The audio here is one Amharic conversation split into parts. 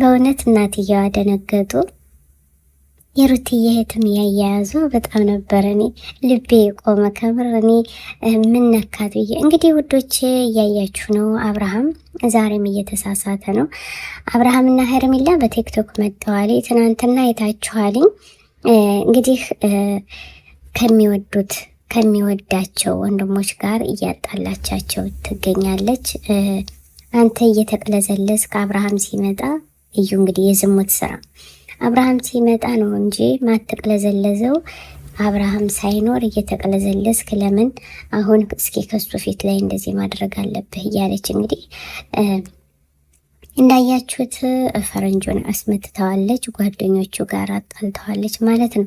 በእውነት እናትየዋ ደነገጡ። የሩትዬ እህትም ያያያዙ በጣም ነበር። እኔ ልቤ የቆመ ከምር እኔ ምን ነካት ብዬ እንግዲህ ውዶች እያያችሁ ነው። አብርሃም ዛሬም እየተሳሳተ ነው። አብርሃምና ሄርሜላ በቲክቶክ መጠዋል። ትናንትና የታችኋልኝ እንግዲህ ከሚወዱት ከሚወዳቸው ወንድሞች ጋር እያጣላቻቸው ትገኛለች። አንተ እየተቀለዘለስ አብርሃም ሲመጣ እዩ እንግዲህ የዝሙት ስራ አብርሃም ሲመጣ ነው እንጂ ማትቀለዘለዘው አብርሃም ሳይኖር እየተቀለዘለስክ ለምን አሁን እስኪ ከሱ ፊት ላይ እንደዚህ ማድረግ አለብህ? እያለች እንግዲህ እንዳያችሁት ፈረንጁን አስመትተዋለች፣ ጓደኞቹ ጋር አጣልተዋለች ማለት ነው።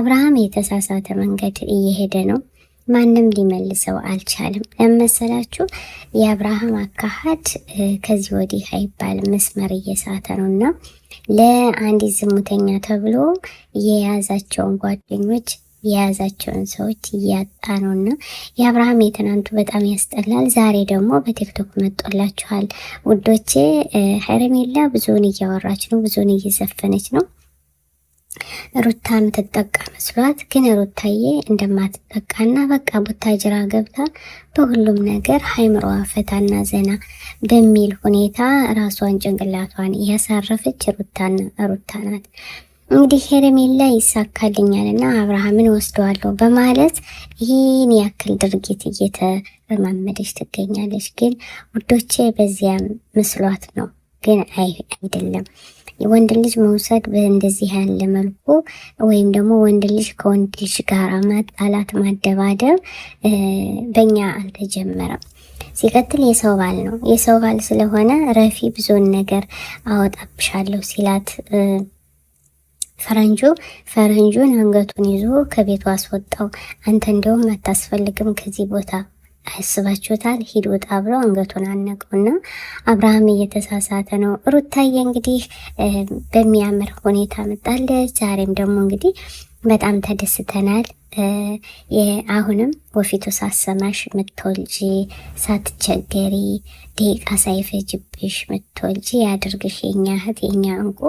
አብርሃም የተሳሳተ መንገድ እየሄደ ነው። ማንም ሊመልሰው አልቻለም። ለመሰላችሁ የአብርሃም አካሃድ ከዚህ ወዲህ አይባልም፣ መስመር እየሳተ ነው እና ለአንዲት ዝሙተኛ ተብሎ የያዛቸውን ጓደኞች የያዛቸውን ሰዎች እያጣ ነው እና የአብርሃም የትናንቱ በጣም ያስጠላል። ዛሬ ደግሞ በቲክቶክ መጦላችኋል ውዶቼ። ሄርሜላ ብዙውን እያወራች ነው፣ ብዙውን እየዘፈነች ነው። ሩታን የምትጠቃ መስሏት ግን ሩታዬ እንደማትጠቃና በቃ ቡታጅራ ገብታ በሁሉም ነገር ሀይምሯ ፈታና ዘና በሚል ሁኔታ ራሷን ጭንቅላቷን እያሳረፈች ሩታን ሩታ ናት። እንግዲህ ሄርሜላ ይሳካልኛልና አብርሃምን ወስደዋለሁ በማለት ይህን ያክል ድርጊት እየተረማመደች ትገኛለች። ግን ውዶቼ በዚያ ምስሏት ነው ግን አይደለም። ወንድ ልጅ መውሰድ በእንደዚህ ያለ መልኩ ወይም ደግሞ ወንድ ልጅ ከወንድ ልጅ ጋር ማጣላት፣ ማደባደብ በእኛ አልተጀመረም። ሲቀጥል የሰው ባል ነው። የሰው ባል ስለሆነ ረፊ ብዙን ነገር አወጣብሻለሁ ሲላት ፈረንጁ ፈረንጁን አንገቱን ይዞ ከቤቱ አስወጣው። አንተ እንደውም አታስፈልግም ከዚህ ቦታ አስባችሁታል? ሂድ ውጣ ብለው አንገቱን አነቁና አብርሃም እየተሳሳተ ነው። ሩታዬ እንግዲህ በሚያምር ሁኔታ መጣለች። ዛሬም ደግሞ እንግዲህ በጣም ተደስተናል። አሁንም ወፊቱ ሳሰማሽ ምትወልጂ ሳትቸገሪ ደቂቃ ሳይፈጅብሽ ምትወልጂ ያድርግሽ የኛ እህት የኛ እንቁ።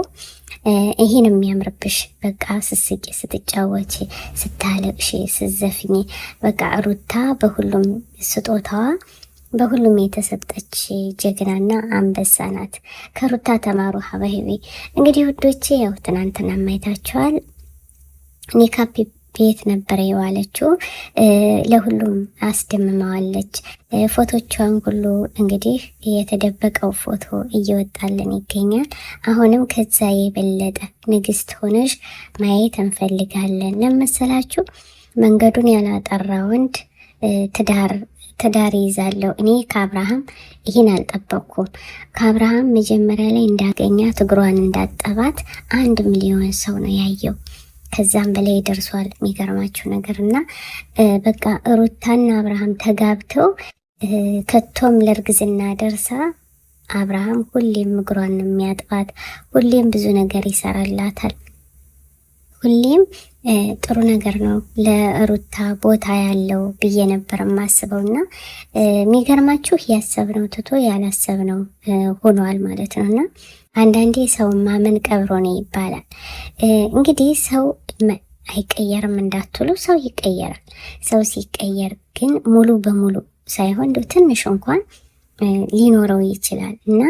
ይህን የሚያምርብሽ በቃ ስስቂ፣ ስትጫወች፣ ስታለቅሽ፣ ስዘፍኝ በቃ ሩታ በሁሉም ስጦታዋ በሁሉም የተሰጠች ጀግናና አንበሳ ናት። ከሩታ ተማሩ ሀበህቤ። እንግዲህ ውዶቼ ያው ትናንትና ማይታችኋል። ሜካፕ ቤት ነበር የዋለችው። ለሁሉም አስደምመዋለች። ፎቶቿን ሁሉ እንግዲህ የተደበቀው ፎቶ እየወጣልን ይገኛል። አሁንም ከዛ የበለጠ ንግስት ሆነሽ ማየት እንፈልጋለን። ለመሰላችሁ መንገዱን ያላጠራ ወንድ ትዳር ትዳር ይዛለው። እኔ ከአብርሃም ይህን አልጠበቅኩም። ከአብርሃም መጀመሪያ ላይ እንዳገኛት እግሯን እንዳጠባት አንድ ሚሊዮን ሰው ነው ያየው። ከዛም በላይ ደርሷል። የሚገርማችሁ ነገር እና በቃ ሩታና አብርሃም ተጋብተው ከቶም ለእርግዝና ደርሳ አብርሃም ሁሌም እግሯን የሚያጥባት ሁሌም ብዙ ነገር ይሰራላታል። ሁሌም ጥሩ ነገር ነው ለሩታ ቦታ ያለው ብዬ ነበር የማስበው እና የሚገርማችሁ ያሰብነው ትቶ ያላሰብነው ሆኗል ማለት ነው እና አንዳንዴ ሰው ማመን ቀብሮ ነው ይባላል። እንግዲህ ሰው አይቀየርም እንዳትሉ፣ ሰው ይቀየራል። ሰው ሲቀየር ግን ሙሉ በሙሉ ሳይሆን ትንሽ እንኳን ሊኖረው ይችላል እና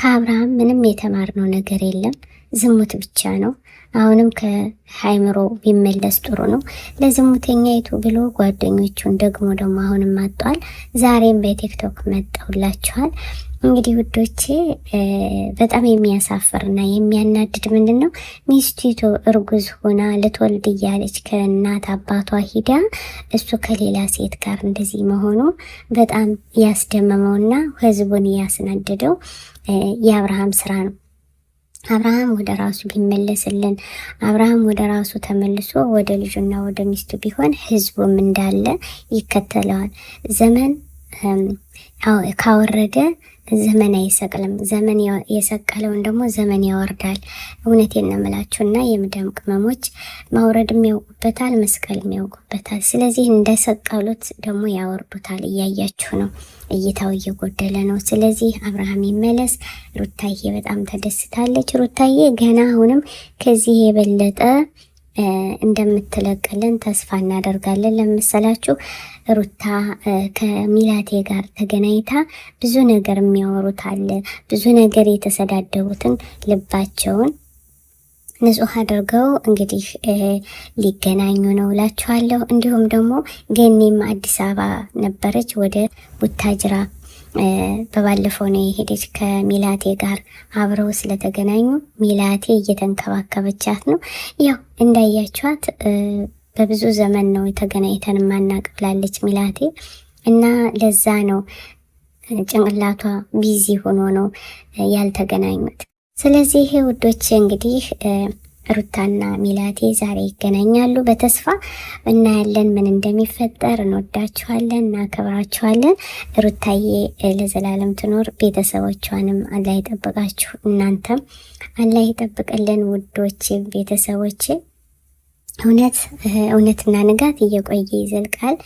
ከአብርሃም ምንም የተማርነው ነገር የለም፣ ዝሙት ብቻ ነው። አሁንም ከሃይምሮ ቢመለስ ጥሩ ነው። ለዝሙተኛይቱ ብሎ ጓደኞቹን ደግሞ ደግሞ አሁንም አጧል። ዛሬም በቲክቶክ መጣሁላችኋል። እንግዲህ ውዶቼ በጣም የሚያሳፍር እና የሚያናድድ ምንድን ነው፣ ሚስቲቱ እርጉዝ ሆና ልትወልድ እያለች ከእናት አባቷ ሂዳ እሱ ከሌላ ሴት ጋር እንደዚህ መሆኑ በጣም ያስደመመውና ህዝቡን ያስናደደው የአብርሃም ስራ ነው። አብርሃም ወደ ራሱ ቢመለስልን አብርሃም ወደ ራሱ ተመልሶ ወደ ልጁና ወደ ሚስቱ ቢሆን ህዝቡም እንዳለ ይከተለዋል። ዘመን ካወረደ ዘመን አይሰቅልም፣ ዘመን የሰቀለውን ደግሞ ዘመን ያወርዳል። እውነቴን ነው የምላችሁ እና የምዳም ቅመሞች ማውረድም ያውቁበታል፣ መስቀልም ያውቁበታል። ስለዚህ እንደሰቀሉት ደግሞ ያወርዱታል። እያያችሁ ነው፣ እይታው እየጎደለ ነው። ስለዚህ አብርሃም ይመለስ። ሩታዬ በጣም ተደስታለች። ሩታዬ ገና አሁንም ከዚህ የበለጠ እንደምትለቅልን ተስፋ እናደርጋለን። ለምሳላችሁ ሩታ ከሚላቴ ጋር ተገናኝታ ብዙ ነገር የሚያወሩት አለ። ብዙ ነገር የተሰዳደቡትን ልባቸውን ንጹህ አድርገው እንግዲህ ሊገናኙ ነው እላችኋለሁ። እንዲሁም ደግሞ ገኒም አዲስ አበባ ነበረች ወደ ቡታጅራ በባለፈው ነው የሄደች ከሚላቴ ጋር አብረው ስለተገናኙ ሚላቴ እየተንከባከበቻት ነው። ያው እንዳያችኋት በብዙ ዘመን ነው የተገናኝተን ማናቅ ብላለች ሚላቴ እና ለዛ ነው ጭንቅላቷ ቢዚ ሆኖ ነው ያልተገናኙት። ስለዚህ ውዶች እንግዲህ ሩታና ሚላቴ ዛሬ ይገናኛሉ። በተስፋ እናያለን ምን እንደሚፈጠር። እንወዳችኋለን፣ እናከብራችኋለን። ሩታዬ ለዘላለም ትኖር፣ ቤተሰቦቿንም አላህ ይጠብቃችሁ። እናንተም አላህ ይጠብቅልን ውዶች ቤተሰቦች። እውነት እውነትና ንጋት እየቆየ ይዘልቃል።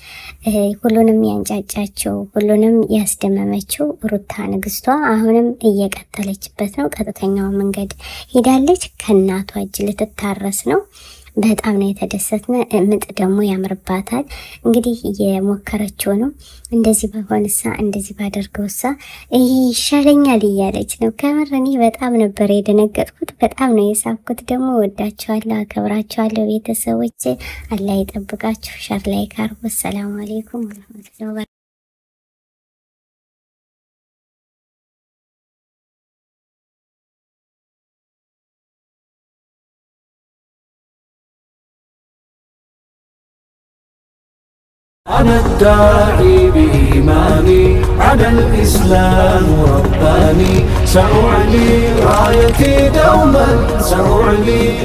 ሁሉንም ያንጫጫቸው ሁሉንም ያስደመመችው ሩታ ንግስቷ አሁንም እየቀጠለችበት ነው። ቀጥተኛው መንገድ ሄዳለች። ከእናቷ እጅ ልትታረስ ነው። በጣም ነው የተደሰትነ። ምጥ ደግሞ ያምርባታል። እንግዲህ የሞከረችው ነው። እንደዚህ በሆንሳ እንደዚህ ባደርገውሳ ይህ ይሻለኛል እያለች ነው። ከምር እኔ በጣም ነበር የደነገጥኩት፣ በጣም ነው የሳብኩት። ደግሞ ወዳችኋለሁ፣ አከብራችኋለሁ ቤተሰቦች። አላህ ይጠብቃችሁ። ሻር ላይ ካርቦ ሰላም አሌይኩም أنا الداعي بإيماني على الإسلام رباني سأعلي رايتي دوما سأعلي